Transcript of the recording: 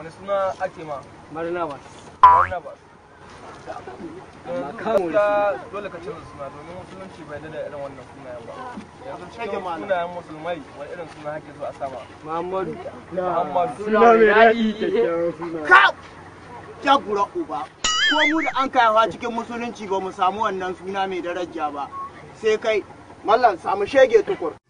wani suna ake ma barnabas barnabas yanzu eh, ka dole ka canza suna domin musulunci bai da irin wannan sunayen ba yanzu cikin sunayen musulmai wani irin suna hake zo a sama muhammadu muhammadu suna mai daɗi kyakkyawan suna ka jagura uba ko mu da an kayawa cikin musulunci ba mu samu wannan suna mai daraja ba sai kai mallan samu shege tukur